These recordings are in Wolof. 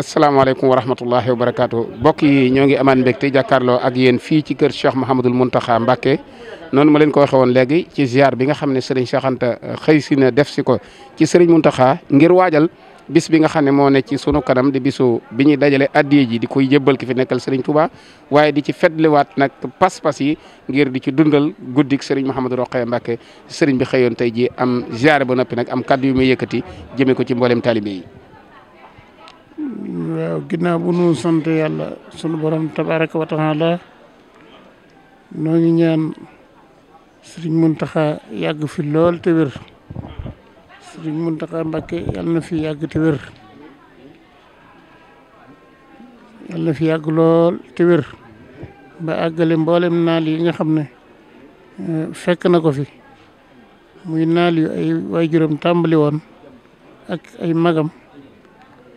asalaamaaleykum wa rahmatullahi wa barakaatu mbokk yi ñoo ngi amaan mbégte jàkkaarloo ak yéen fii ci kër Cheikh Mouhamadul Mountakha Mbacké noonu ma leen ko waxee woon léegi ci ziar bi nga xam ne Serigne Cheikh euh, xëy si na def si ko ci Serigne Mountakha ngir waajal bis bi nga xam ne moo ne ci sunu kanam di bisu bi ñuy dajale addiye ji di koy jébbal ki fi nekkal Serigne Touba waaye di ci fetliwaat nag pas-pas yi ngir di ci dundal guddik Serigne Mouhamadou Rokhaya Mbacké Serigne bi xëyoon tey ji am ziar ba noppi nag am kaddu yu muy yëkkati jëmee ko ci mboolem talibé yi waaw ginnaaw bu nu sant yàlla sunu borom tabaraka wa taala noo ngi ñaan sëriñ Muntaxa yàgg fi lool te wér sëriñ Muntaxa Mbàkke yàlla na fi yàgg te wér yàlla na fi yàgg lool te wér ba àggale mboolem naal yi nga xam ne eh, fekk na ko fi muy naal yu ay waajuram tàmbali woon ak ay magam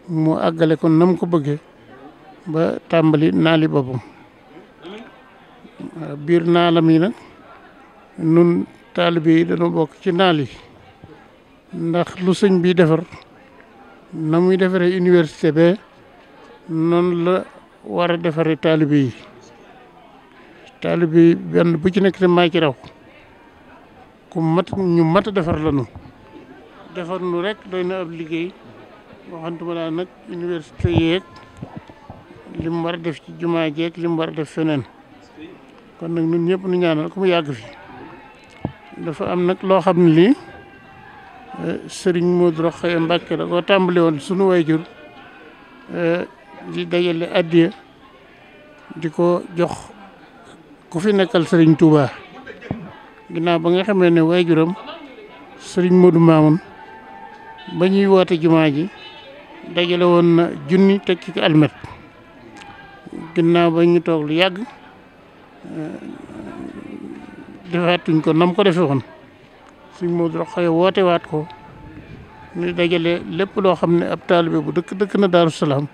mu àggale ko nam ko bëgge ba tàmbali naali boppam biir naalam yi nag nun taalibe yi dañoo bokk ci naal ndax lu sëñ bi defar na muy defaree université be noonu la war a defaree taalibe yi taalibe yi benn bu ci nekk te maa ci raw ku mat ñu mat defar la nu defar nu rek doy na ab liggéey waxantuma laa nag université yeeg li war a def ci jumaa jeeg li mu war a def feneen kon nag ñun ñëpp nu ñaanal ku mu yàgg fi dafa am nag loo xam ne lii eh, sëriñ Modou Rokhaya Mbacké la koo tàmbale woon sunu wayjur eh, di dajale addiya di ko jox ku fi nekkal sëriñ Touba ginnaaw ba nga xamee ne wayjuram sëriñ Modou Mamoun ba ñuy woote jumaa ji dajale woon na junni teg ci almet ginnaaw ba ñu toog lu yàgg eh, defaatuñ ko nam ko defe woon suñ Moodu Rokhaya woote waat ko ñu dajale lépp loo xam ne ab taalibe bu dëkk dëkk na Daaru Salaam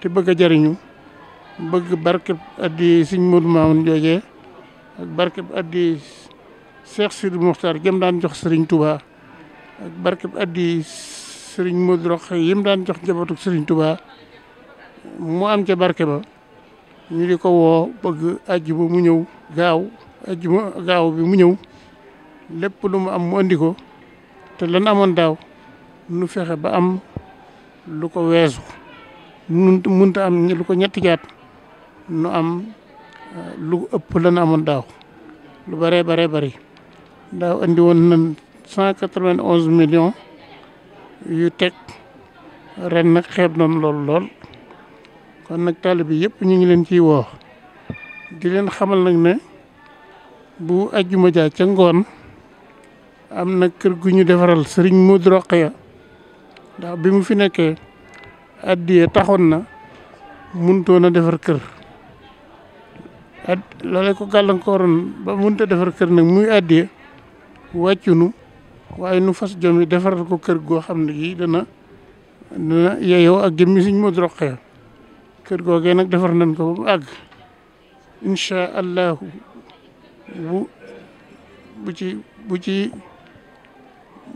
te bëgg a jariñu bëgg barkeb addi suñ Moodu Maamun joojee ak barkeb addi Cheikh Sidi Mokhtar jëm daan jox Serigne Touba ak barkeb addi sëriñ Modou Rokhaya yim daan jox njabootu sëriñ Touba mu am ca barke ba ñu di ko woo bëgg àjjuma mu ñëw gaaw àjjuma gaaw bi mu ñëw lépp lu mu am mu andi ko te lan amoon daaw nu fexe ba am lu ko weesu mun munta am lu ko ñetti jaat nu am eh, lu ëpp lan amoon daaw lu bëree bare bëri daaw andi woon nan cent quatre-vingt-onze millions yu teg ren nag xeeb nañ lool lool kon nag taalibe yépp ñu ngi leen ciy woo di leen xamal nag ne bu ajjuma jaa ca ngoon am na kër gu ñu defaral sëriñ Modou Rokhaya ndax bi mu fi nekkee addiye taxoon na mënutoon defar kër at loolee ko gàllankooroon ba mënut defar kër nag muy addiye wàccunu waaye nu fas jom yi defaral ko kër goo xam ne gii dana dana yeyoo ak jëmmi Sëñ Moodu Rokhaya kër googee nag defar nañ ko ba mu àgg incha allahu bu bu ci bu ci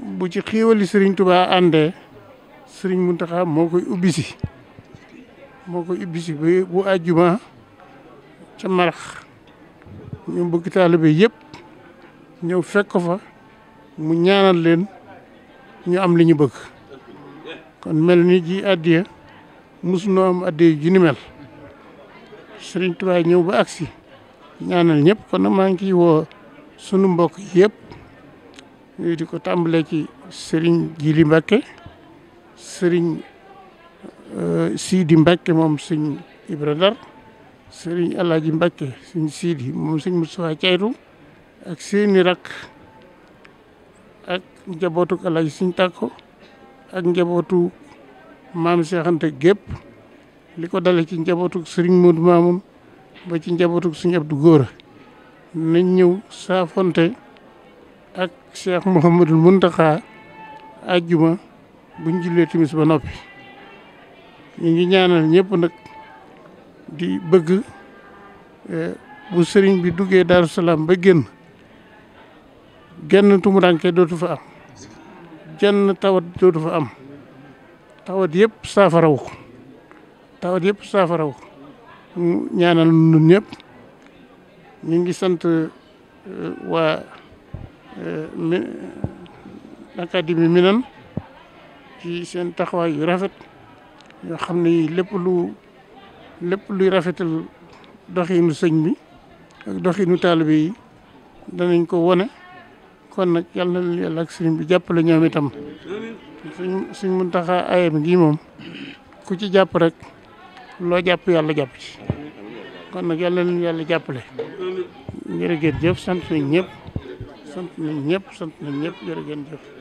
bu ci xiiwali Serigne Touba àndee moo koy ubbi si moo koy ubbi si bu bu àjjuma ca marax ñu bëgg taalibe yëpp ñëw fekk ko fa. mu ñaanal leen ñu am li ñu bëgg kon mel ni ji addiya mosunoo am addiya ju ni mel sëriñ Tuubaa ñëw ba agsi ñaanal ñëpp kon nag maa ngi ciy woo sunu mbokk yëpp di ko tàmbalee ci sëriñ Jili Mbàkke sëriñ euh, Siidi Mbàkke moom suñ Ibra Dar sëriñ Alaaji Mbàkke suñ Siidi moom sëñ Mustafaa Caytu ak seeni rakk njabootu El Hadj Sëñ ak njabootu maam Cheikh gépp li ko dale ci njabootu Serigne Modou Mamoun ba ci njabootu Sëñ Abdou Góora nañ ñëw saafonte ak Cheikh Mouhamadul Muntaxa àjjuma buñ jullee timis ba noppi ñu ngi ñaanal ñëpp nag di bëgg eh, bu sëriñ bi duggee Daaru Salaam ba génn genn tumuraanke dootu fa am jenn tawat dootu fa am tawat yëpp saafaraw ko tawat yëpp saafaraw ko ñaanal nun ñëpp ñu ngi sant euh, waa euh, mi académie ci seen taxawaay yu rafet yoo xam ne lépp lu lépp luy rafet doxinu sëñ bi ak doxinu taalibe yi danañ ko wone kon nag yàlla na leen ak sëriñ bi jàppale ñoom itam suñ suñ Muntaxa ayam gi moom ku ci jàpp rek loo jàpp yàlla jàpp ci kon nag yàlla na leen yàlla jàppale jërëjëf sant nañ ñëpp sant nañ ñëpp sant nañ ñëpp jërëjëf